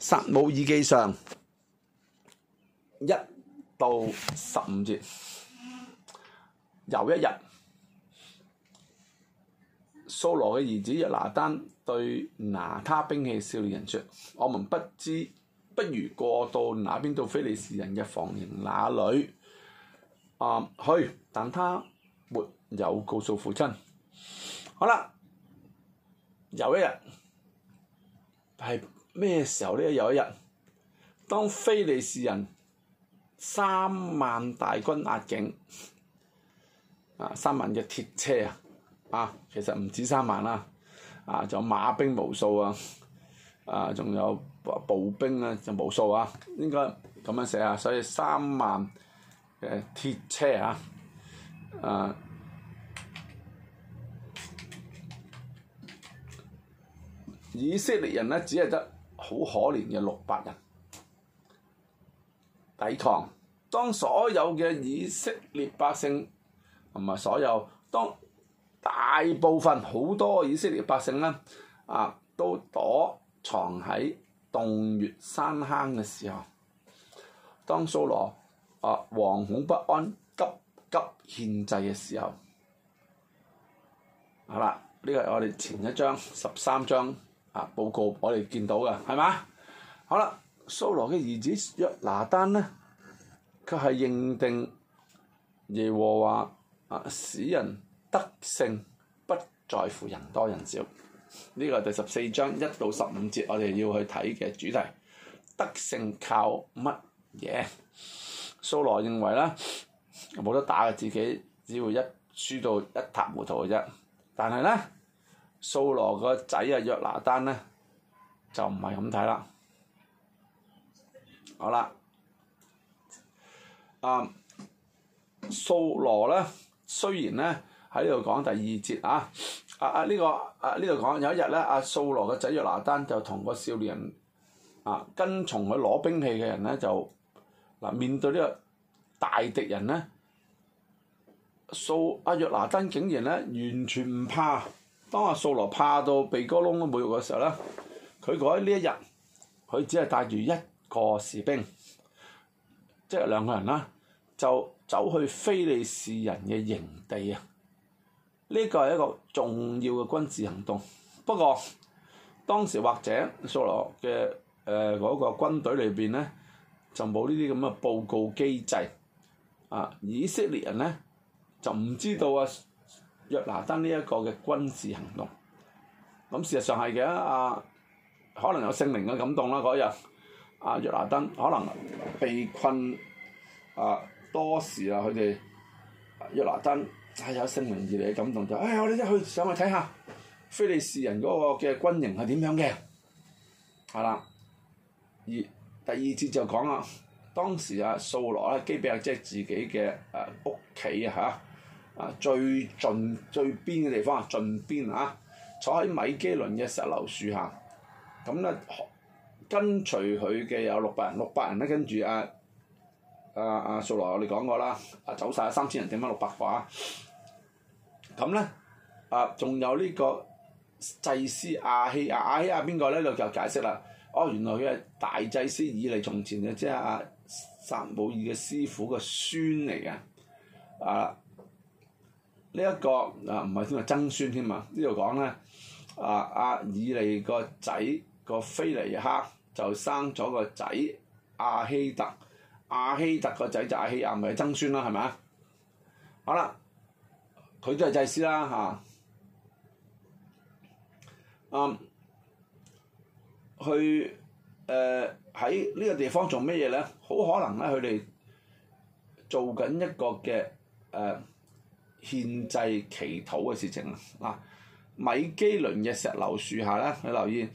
撒母耳記上一到十五節，有一日，掃羅嘅兒子約拿單對拿他兵器少年人説：我們不知不如過到那邊到非利士人嘅防營那裏啊去。但他沒有告訴父親。好啦，有一日，係。咩時候咧？有一日，當非利士人三萬大軍壓境，啊，三萬嘅鐵車啊，啊，其實唔止三萬啦，啊，仲有馬兵無數啊，啊，仲有步兵咧，就無數啊，應該咁樣寫啊，所以三萬嘅鐵車啊，啊，以色列人咧，只係得好可憐嘅六百人抵抗，當所有嘅以色列百姓同埋所有當大部分好多以色列百姓呢，啊，都躲藏喺洞穴山坑嘅時候，當蘇羅啊，惶恐不安、急急獻祭嘅時候，好啦，呢、這個係我哋前一章十三章。啊！報告，我哋見到嘅，係嘛？好啦，掃羅嘅兒子約拿單呢，佢係認定耶和華啊，使人得勝，不在乎人多人少。呢個係第十四章一到十五節，我哋要去睇嘅主題。得勝靠乜嘢？掃羅認為咧，冇得打嘅自己，只會一輸到一塌糊塗嘅啫。但係咧。素羅個仔啊，約拿單咧就唔係咁睇啦。好啦，啊素羅咧，雖然咧喺呢度講第二節啊，啊、呢個、啊呢、呢個啊呢度講有一日咧，阿、啊、素羅個仔約拿單就同個少年人啊跟從佢攞兵器嘅人咧，就嗱、啊、面對呢個大敵人咧，素阿約、啊、拿單竟然咧完全唔怕。當阿掃羅怕到鼻哥窿都冇肉嘅時候咧，佢覺得呢一日，佢只係帶住一個士兵，即係兩個人啦，就走去非利士人嘅營地啊！呢個係一個重要嘅軍事行動。不過當時或者掃羅嘅誒嗰個軍隊裏邊咧，就冇呢啲咁嘅報告機制啊！以色列人咧就唔知道啊！約拿登呢一個嘅軍事行動，咁事實上係嘅啊，可能有聖靈嘅感動啦嗰日，啊約拿登可能被困，啊多時啊佢哋約拿登係、啊、有聖靈而嚟嘅感動就，哎我哋一去上去睇下，非利士人嗰個嘅軍營係點樣嘅，係啦，而第二節就講啊，當時啊掃羅咧基比亞即係自己嘅誒屋企啊嚇。最盡最邊嘅地方啊，盡邊啊！坐喺米基倫嘅石榴樹下，咁咧跟隨佢嘅有六百人，六百人咧。跟住阿阿阿掃羅，我哋講過啦，啊走晒三千人，剩翻六百個啊！咁咧啊，仲有呢個祭司亞希亞、啊、亞希亞邊個咧？我就解釋啦。哦，原來佢係大祭司以利從前嘅，即係阿撒母耳嘅師傅嘅孫嚟嘅啊！呢、這、一個啊唔係先啊，曾孫添嘛。呢度講咧啊，阿、啊、以利個仔個菲尼克就生咗個仔阿希特，阿、啊、希特個仔就阿希亞，咪曾孫啦，係咪啊？好啦，佢都係祭司啦吓，啊，去誒喺呢個地方做咩嘢咧？好可能咧，佢哋做緊一個嘅誒。呃獻祭祈禱嘅事情啊！嗱，米基倫嘅石榴樹下咧，你留意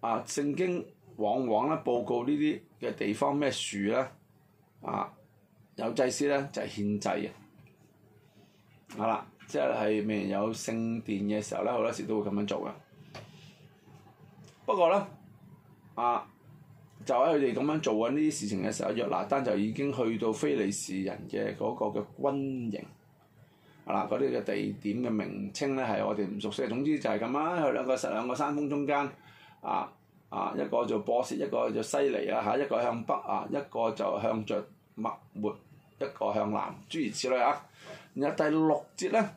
啊！聖經往往咧報告呢啲嘅地方咩樹咧啊，有祭司咧就係獻祭嘅，係、啊、啦，即係未有聖殿嘅時候咧，好多時都會咁樣做嘅。不過咧，啊，就喺佢哋咁樣做緊呢啲事情嘅時候，約拿單就已經去到非利士人嘅嗰個嘅軍營。嗱，嗰啲嘅地點嘅名稱咧，係我哋唔熟悉。總之就係咁啦，佢兩個實兩個山峰中間，啊啊一個做波斯，一個就西尼啊嚇，一個向北啊，一個就向着墨末，一個向，一個向南，諸如此類啊。然後第六節咧，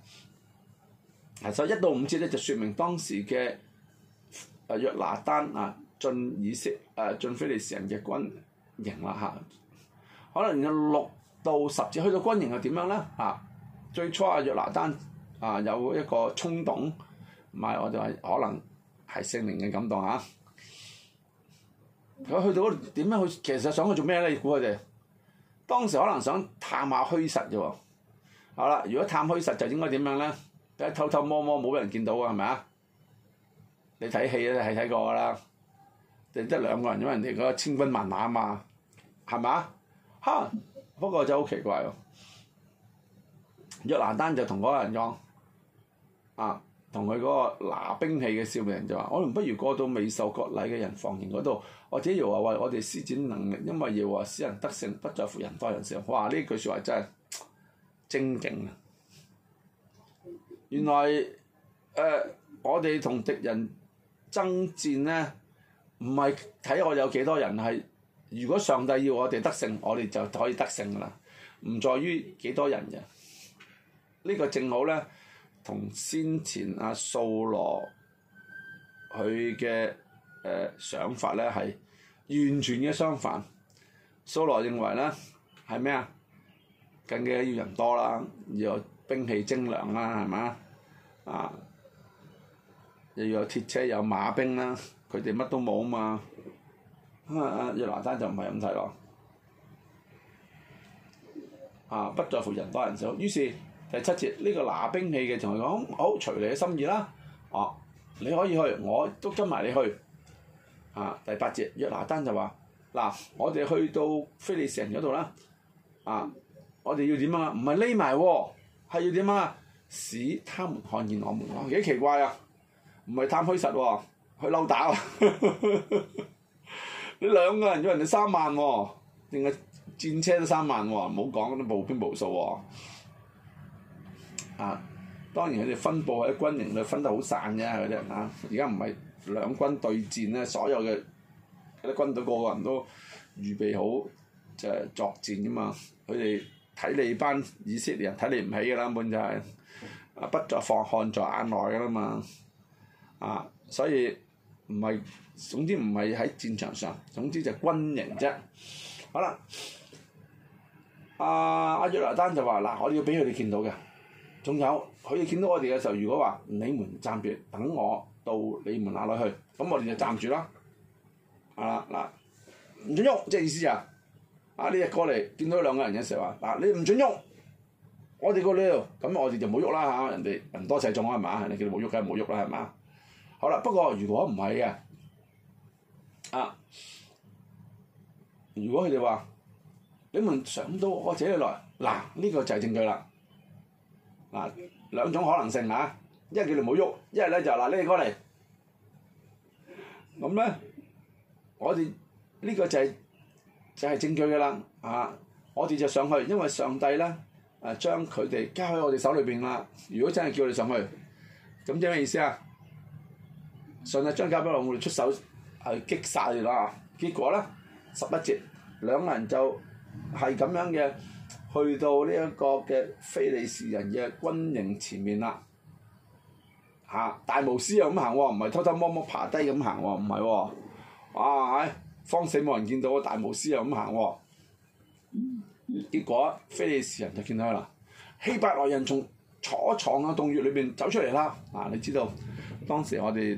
其實一到五節咧就説明當時嘅誒約拿單、啊進以色列誒進非利士人嘅軍營啦嚇。可能有六到十節去到軍營係點樣咧？嚇。最初阿約拿丹啊、呃、有一個衝動，唔係我就係可能係聖靈嘅感動嚇。佢去到嗰度點樣去？其實想去做咩咧？你估佢哋當時可能想探下虛實啫喎。好啦，如果探虛實就應該點樣咧？即係偷偷摸摸，冇畀人見到嘅係咪啊？你睇戲咧係睇過㗎啦，淨得兩個人，因為人哋嗰千軍萬馬嘛，係咪啊？不過就好奇怪喎、啊。約拿單就同嗰個人講：，啊，同佢嗰個拿兵器嘅少年人就話：，我哋不如過到未受割禮嘅人防營嗰度。或者又話：，為，我哋施展能力，因為要話使人得勝，不在乎人多人少。哇！呢句説話真係精警啊！原來誒、呃，我哋同敵人爭戰呢，唔係睇我有幾多人係。如果上帝要我哋得勝，我哋就可以得勝㗎啦，唔在於幾多人嘅。呢、這個正好咧，同先前阿掃羅佢嘅誒想法咧係完全嘅相反。掃羅認為咧係咩啊？更加要人多啦，要有兵器精良啦，係嘛？啊！又要有鐵車，有馬兵啦，佢哋乜都冇啊嘛。啊！約拿單就唔係咁睇咯。啊！不在乎人多人少，於是。第七節呢、這個拿兵器嘅同佢講好隨你嘅心意啦，哦、啊，你可以去，我都跟埋你去。啊，第八節約拿單就話：嗱，我哋去到腓力城嗰度啦。啊，我哋要點啊？唔係匿埋喎，係要點啊？使他們看見我們。幾、啊、奇怪啊！唔係探虛實喎、啊，去溜打、啊、 你兩個人要人哋三萬喎、啊，定係戰車都三萬喎、啊？唔好講嗰啲步兵無數喎。啊！當然佢哋分佈喺軍營裏，分得好散嘅。嗰啲而家唔係兩軍對戰咧，所有嘅啲軍隊個個人都預備好就係、作戰噶嘛。佢哋睇你班以色列人睇你唔起噶啦，根本就係、是、啊，不作放看在眼內噶啦嘛。啊，所以唔係總之唔係喺戰場上，總之就係軍營啫。好、啊、啦，阿、啊、阿約拿單就話：嗱，我要俾佢哋見到嘅。仲有，佢哋見到我哋嘅時候，如果話你們站住等我到你們那裡去，咁我哋就站住啦、嗯。啊嗱，唔准喐，即係意思啊！啊，你一過嚟見到兩個人嘅時候，嗱、啊、你唔准喐，我哋過嚟，咁我哋就冇喐啦嚇。人哋人多勢眾係嘛，你叫佢冇喐梗係冇喐啦係嘛。好啦，不過如果唔係嘅，啊，如果佢哋話你們上到我這度來，嗱、啊、呢、這個就係證據啦。嗱，兩種可能性嚇，一係叫你唔好喐，一係咧就嗱你過嚟，咁咧，我哋呢個就係就係證據㗎啦，嚇，我哋就上去，因為上帝咧誒將佢哋交喺我哋手裏邊啦，如果真係叫你上去，咁即係咩意思啊？上帝將交俾我，我哋出手係擊殺佢哋啦，結果咧十一節兩個人就係咁樣嘅。去到呢一個嘅非利士人嘅軍營前面啦，嚇、啊、大模斯樣又咁行喎，唔係偷偷摸摸爬低咁行喎，唔係喎，唉、啊哎，慌死冇人見到啊，大模斯樣又咁行喎，結果非利士人就見到佢啦，希伯來人從所藏嘅洞穴裏邊走出嚟啦，嗱、啊、你知道當時我哋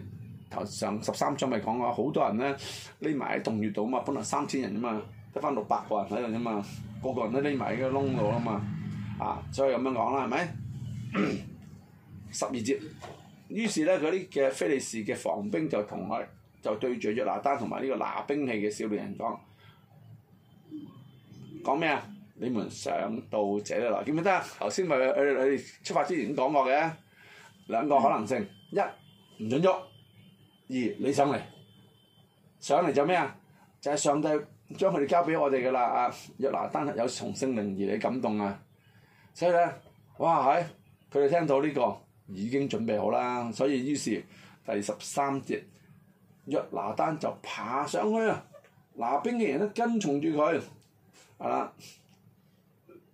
頭上十三章咪講話，好多人咧匿埋喺洞穴度啊嘛，本來三千人啊嘛，得返六百個人喺度啫嘛。個個人都匿埋喺個窿度啦嘛，啊，所以咁樣講啦，係咪？十二節，於是咧，嗰啲嘅菲利士嘅防兵就同佢，就對住約拿單同埋呢個拿兵器嘅少年人講，講咩啊？你們上到這度來，記唔記得啊？頭先咪你哋出發之前講過嘅兩個可能性，嗯、一唔準喐，二你上嚟，上嚟就咩啊？就係、是、上到。將佢哋交俾我哋嘅啦，啊，約拿丹單有從聖靈而嚟感動啊，所以咧，哇係，佢哋聽到呢、這個已經準備好啦，所以於是第十三節約拿丹就爬上去啊，拿兵嘅人都跟從住佢，啊，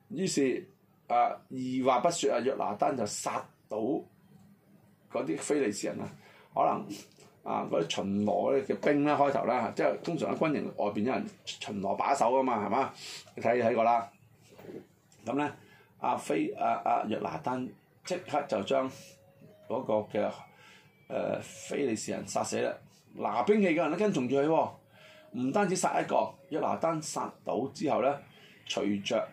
於是啊，二話不説啊，約拿丹就殺到嗰啲菲利士人啊，可能。啊！嗰啲巡邏嘅兵咧，開頭咧，即係通常喺軍營外邊有人巡邏把守噶嘛，係嘛？你睇睇過啦。咁咧，阿非阿阿約拿單即刻就將嗰個嘅誒、啊、非利士人殺死啦。拿兵器嘅人都跟從住佢喎。唔單止殺一個，約拿單，殺到之後咧，隨着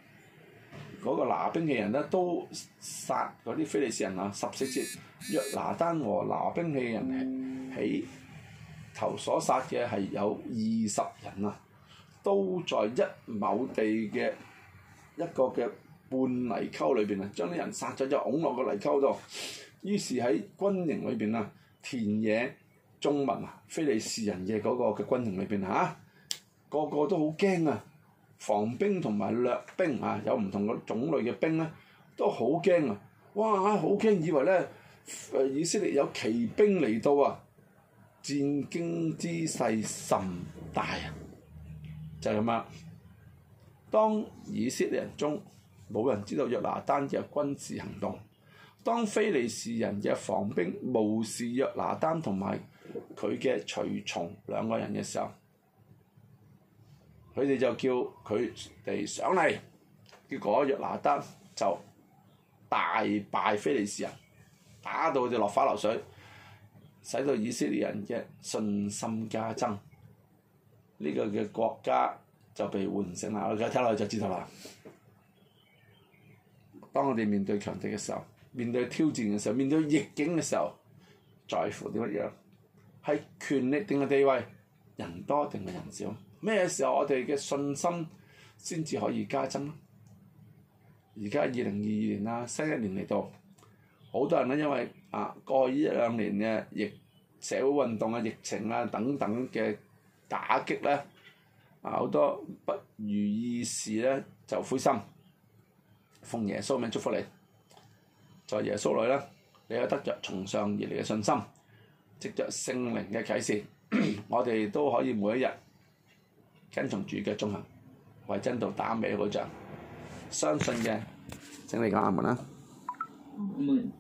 嗰個拿兵器人咧都殺嗰啲非利士人啊！十四節約拿單和拿兵器嘅人，起頭所殺嘅係有二十人啊，都在一畝地嘅一個嘅半泥溝裏邊啊，將啲人殺咗就擁落個泥溝度。於是喺軍營裏邊啊，田野中文啊，非利士人嘅嗰個嘅軍營裏邊嚇，個個都好驚啊！防兵同埋掠兵啊，有唔同嘅種類嘅兵咧，都好驚啊！哇好驚，以為咧，以色列有奇兵嚟到啊！戰兢之勢甚大，就係咁啊！當以色列人中冇人知道約拿單嘅軍事行動，當非利士人嘅防兵無視約拿單同埋佢嘅隨從兩個人嘅時候，佢哋就叫佢哋上嚟，結果約拿單就大敗非利士人，打到佢哋落花流水。使到以色列人嘅信心加增，呢個嘅國家就被喚醒啦！我而家睇落去就知道啦。當我哋面對強敵嘅時候，面對挑戰嘅時候，面對逆境嘅時候，在乎點樣？係權力定係地位？人多定係人少？咩時候我哋嘅信心先至可以加增咧？而家二零二二年啦，新一年嚟到，好多人咧，因為，啊，過呢一兩年嘅疫社會運動啊、疫情啊等等嘅打擊咧，啊好多不如意事咧就灰心。奉耶穌名祝福你，在、就是、耶穌裏咧，你有得着從上而嚟嘅信心，藉着聖靈嘅啟示，咳咳咳咳，我哋都可以每一日跟從主嘅進行，為真道打美好嗰仗。相信嘅、嗯，請你講阿門啦。嗯